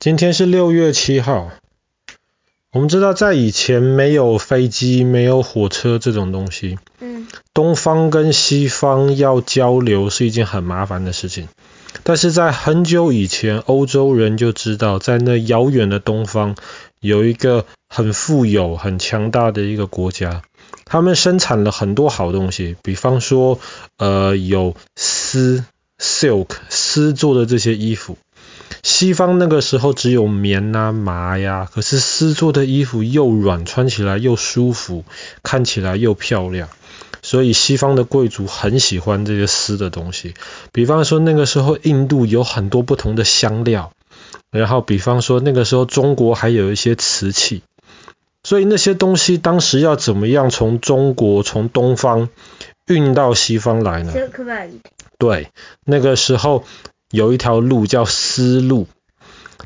今天是六月七號。我們知道，在以前沒有飛機、沒有火車這種東西，嗯，東方跟西方要交流是一件很麻煩的事情。但是在很久以前，歐洲人就知道，在那遙遠的東方，有一個很富有、很強大的一個國家，他們生產了很多好東西，比方說，呃，有絲，silk，絲做的這些衣服。西方那個時候只有棉啊、麻呀，可是絲做的衣服又軟，穿起來又舒服，看起來又漂亮，所以西方的貴族很喜歡這些絲的東西。比方說那個時候印度有很多不同的香料，然後比方說那個時候中國還有一些瓷器，所以那些東西當時要怎麼樣從中國從東方運到西方來呢？對，那個時候。有一條路叫絲路，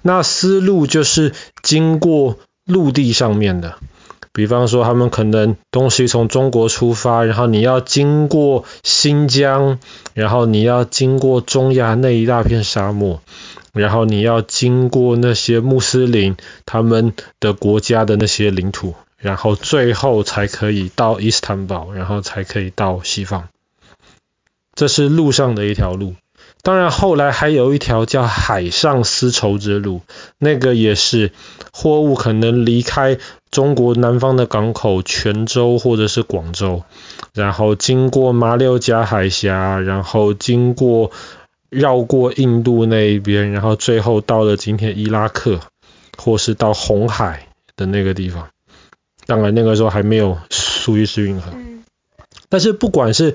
那絲路就是經過陸地上面的，比方說他們可能東西從中國出發，然後你要經過新疆，然後你要經過中亞那一大片沙漠，然後你要經過那些穆斯林他們的國家的那些領土，然後最後才可以到伊斯坦堡，然後才可以到西方。這是路上的一條路。當然，後來還有一條叫海上絲綢之路，那個也是貨物可能離開中國南方的港口泉州或者是廣州，然後經過馬六甲海峽，然後經過繞過印度那一邊，然後最後到了今天伊拉克或是到紅海的那個地方。當然那個時候還沒有蘇伊士運河，但是不管是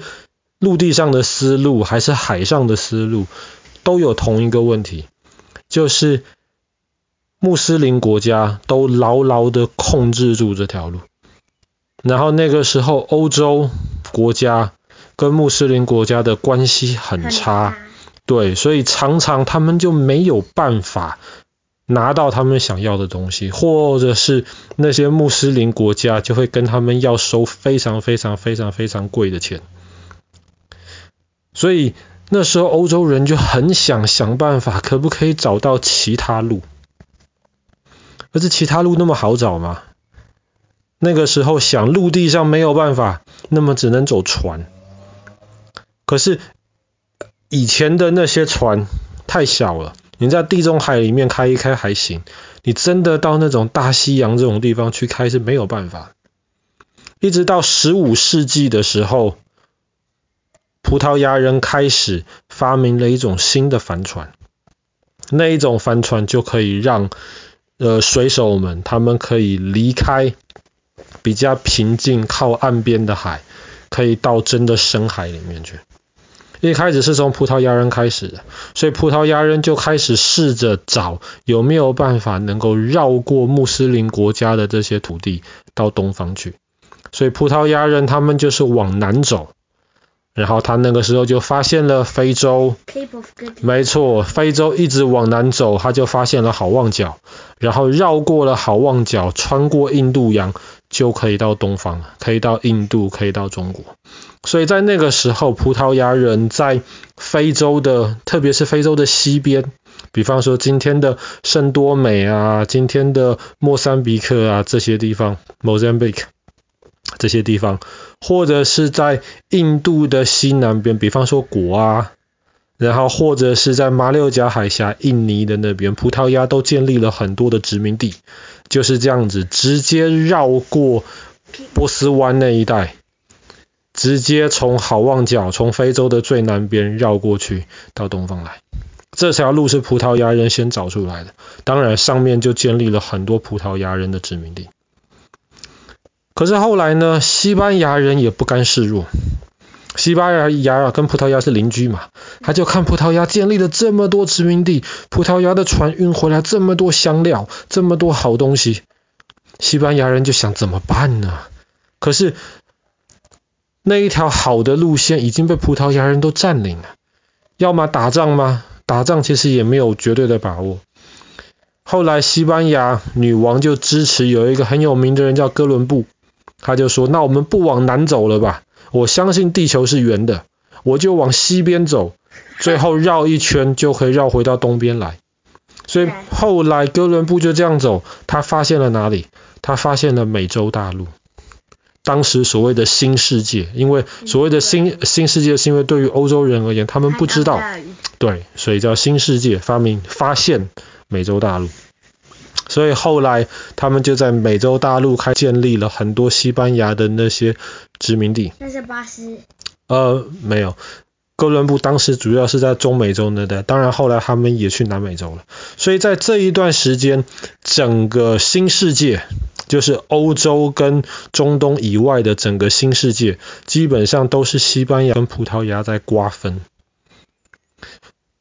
陸地上的絲路還是海上的絲路，都有同一個問題，就是穆斯林國家都牢牢的控制住這條路。然後那個時候，歐洲國家跟穆斯林國家的關係很差，對，所以常常他們就沒有辦法拿到他們想要的東西，或者是那些穆斯林國家就會跟他們要收非常非常非常非常貴的錢。所以那時候歐洲人就很想想辦法，可不可以找到其他路？可是其他路那麼好找嗎？那個時候想陸地上沒有辦法，那麼只能走船。可是以前的那些船太小了，你在地中海裡面開一開還行，你真的到那種大西洋這種地方去開是沒有辦法。一直到十五世紀的時候。葡萄牙人開始發明了一種新的帆船，那一種帆船就可以讓呃水手們他們可以離開比較平靜靠岸邊的海，可以到真的深海裡面去。一開始是從葡萄牙人開始的，所以葡萄牙人就開始試着找有沒有辦法能夠繞過穆斯林國家的這些土地到東方去。所以葡萄牙人他們就是往南走。然後他那個時候就發現了非洲，沒錯，非洲一直往南走，他就發現了好望角，然後繞過了好望角，穿過印度洋就可以到東方了，可以到印度，可以到中國。所以在那個時候，葡萄牙人在非洲的，特別是非洲的西邊，比方說今天的聖多美啊，今天的莫桑比克啊這些地方，Mozambique。莫這些地方，或者是在印度的西南邊，比方說果啊，然後或者是在馬六甲海峽、印尼的那邊，葡萄牙都建立了很多的殖民地，就是這樣子，直接繞過波斯灣那一帶，直接從好望角，從非洲的最南邊繞過去到東方來。這條路是葡萄牙人先找出來的，當然上面就建立了很多葡萄牙人的殖民地。可是後來呢？西班牙人也不甘示弱。西班牙牙啊，跟葡萄牙是鄰居嘛，他就看葡萄牙建立了這麼多殖民地，葡萄牙的船運回來這麼多香料，這麼多好東西，西班牙人就想怎麼辦呢？可是那一條好的路線已經被葡萄牙人都佔領了，要麼打仗嗎？打仗其實也沒有絕對的把握。後來西班牙女王就支持有一個很有名的人叫哥倫布。他就說：“那我們不往南走了吧？我相信地球是圓的，我就往西邊走，最後繞一圈就可以繞回到東邊來。所以後來哥倫布就這樣走，他發現了哪裡？他發現了美洲大陸。當時所謂的新世界，因為所謂的新新世界，是因為對於歐洲人而言，他們不知道，對，所以叫新世界，發明發現美洲大陸。”所以後來他們就在美洲大陸開建立了很多西班牙的那些殖民地。那是巴西？呃，沒有，哥倫布當時主要是在中美洲那帶，當然後來他們也去南美洲了。所以在這一段時間，整個新世界，就是歐洲跟中東以外的整個新世界，基本上都是西班牙跟葡萄牙在瓜分。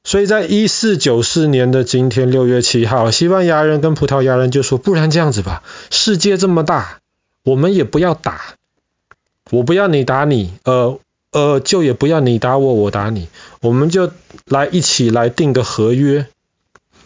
所以在一四九四年的今天六月七號，西班牙人跟葡萄牙人就說，不然這樣子吧，世界這麼大，我們也不要打，我不要你打你，呃呃，就也不要你打我，我打你，我們就來一起來定個合約。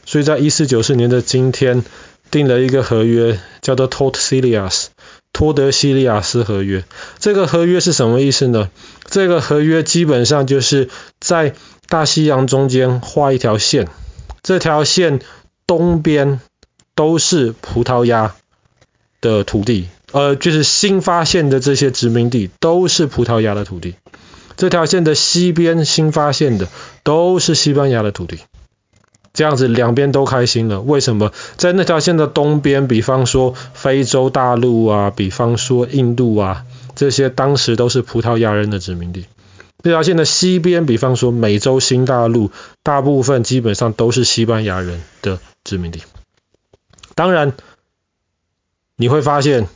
所以在一四九四年的今天，定了一個合約，叫做 Tordesillas 托德西利亞斯合約。這個合約是什麼意思呢？這個合約基本上就是在大西洋中間畫一條線，這條線東邊都是葡萄牙的土地，呃，就是新發現的這些殖民地都是葡萄牙的土地。這條線的西邊新發現的都是西班牙的土地。這樣子兩邊都開心了。為什麼在那條線的東邊，比方說非洲大陸啊，比方說印度啊，這些當時都是葡萄牙人的殖民地。這條線的西邊，比方說美洲新大陸，大部分基本上都是西班牙人的殖民地。當然，你會發現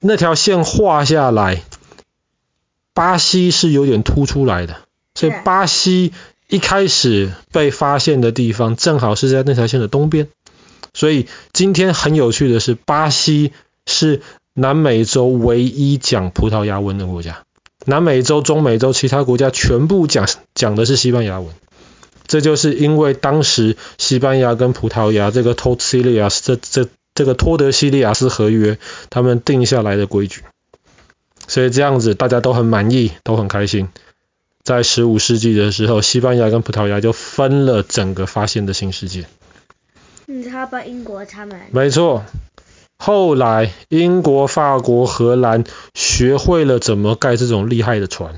那條線畫下來，巴西是有點突出來的，所以巴西一開始被發現的地方正好是在那條線的東邊。所以今天很有趣的是，巴西是南美洲唯一講葡萄牙文的國家。南美洲、中美洲其他國家全部講講的是西班牙文，這就是因為當時西班牙跟葡萄牙這個托西利亞斯這這這個托德西利亞斯合約他們定下來的規矩，所以這樣子大家都很滿意，都很開心。在十五世紀的時候，西班牙跟葡萄牙就分了整個發現的新世界。你、嗯、他道英國他們？沒錯。後來，英國、法國、荷蘭學會了怎麼蓋這種厲害的船。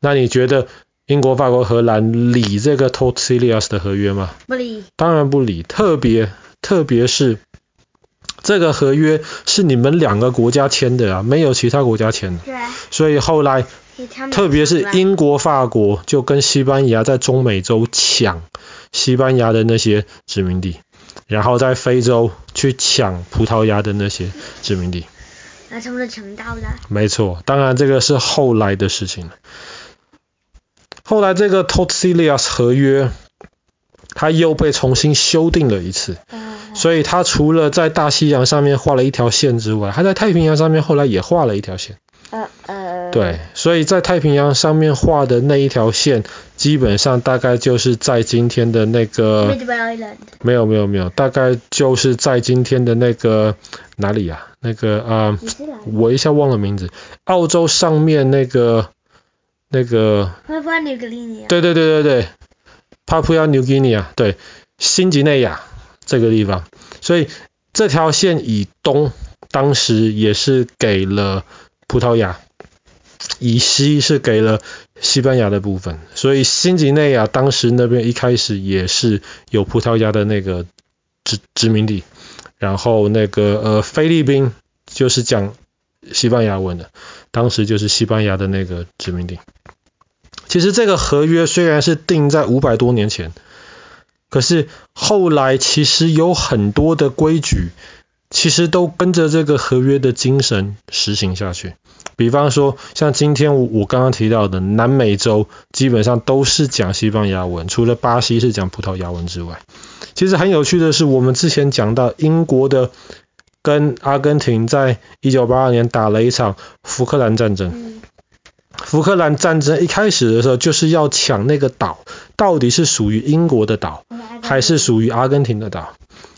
那你覺得英國、法國、荷蘭理這個 Tordesillas 的合約嗎？不理，當然不理。特別，特別是這個合約是你們兩個國家簽的啊，沒有其他國家簽的。對所以後來，特別是英國、法國就跟西班牙在中美洲搶西班牙的那些殖民地。然後在非洲去搶葡萄牙的那些殖民地，那沒錯，當然這個是後來的事情了。後來這個《托德西利雅》合約，它又被重新修訂了一次，所以它除了在大西洋上面畫了一條線之外，它在太平洋上面後來也畫了一條線。呃呃。對，所以在太平洋上面畫的那一條線，基本上大概就是在今天的那個。沒有沒有沒有，大概就是在今天的那個哪裡啊？那個啊，我一下忘了名字。澳洲上面那個那個。Papua New Guinea。對對對對對，Papua New Guinea，對，新幾內亞這個地方。所以這條線以東，當時也是給了葡萄牙。以西是給了西班牙的部分，所以新幾內亞當時那邊一開始也是有葡萄牙的那個殖殖民地，然後那個呃菲律賓就是講西班牙文的，當時就是西班牙的那個殖民地。其實這個合約雖然是定在五百多年前，可是後來其實有很多的規矩。其實都跟着這個合約的精神實行下去。比方說，像今天我我剛剛提到的南美洲，基本上都是講西班牙文，除了巴西是講葡萄牙文之外。其實很有趣的是，我們之前講到英國的跟阿根廷在一九八二年打了一場福克蘭戰爭。福克蘭戰爭一開始的時候，就是要搶那個島，到底是屬於英國的島，還是屬於阿根廷的島？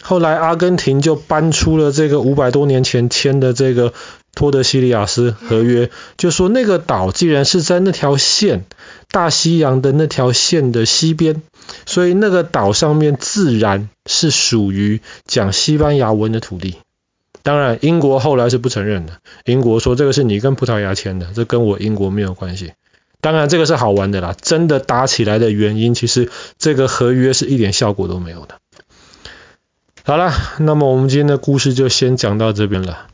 後來阿根廷就搬出了這個五百多年前簽的這個托德西利亞斯合約，就說那個島既然是在那條線，大西洋的那條線的西邊，所以那個島上面自然是屬於講西班牙文的土地。當然英國後來是不承認的，英國說這個是你跟葡萄牙簽的，這跟我英國沒有關係。當然這個是好玩的啦，真的打起來的原因其實這個合約是一點效果都沒有的。好啦，那麼我們今天的故事就先講到這邊了。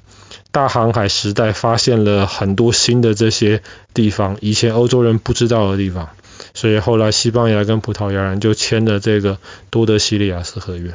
大航海時代發現了很多新的這些地方，以前歐洲人不知道的地方，所以後來西班牙跟葡萄牙人就簽了這個《托德西利亞斯合約》。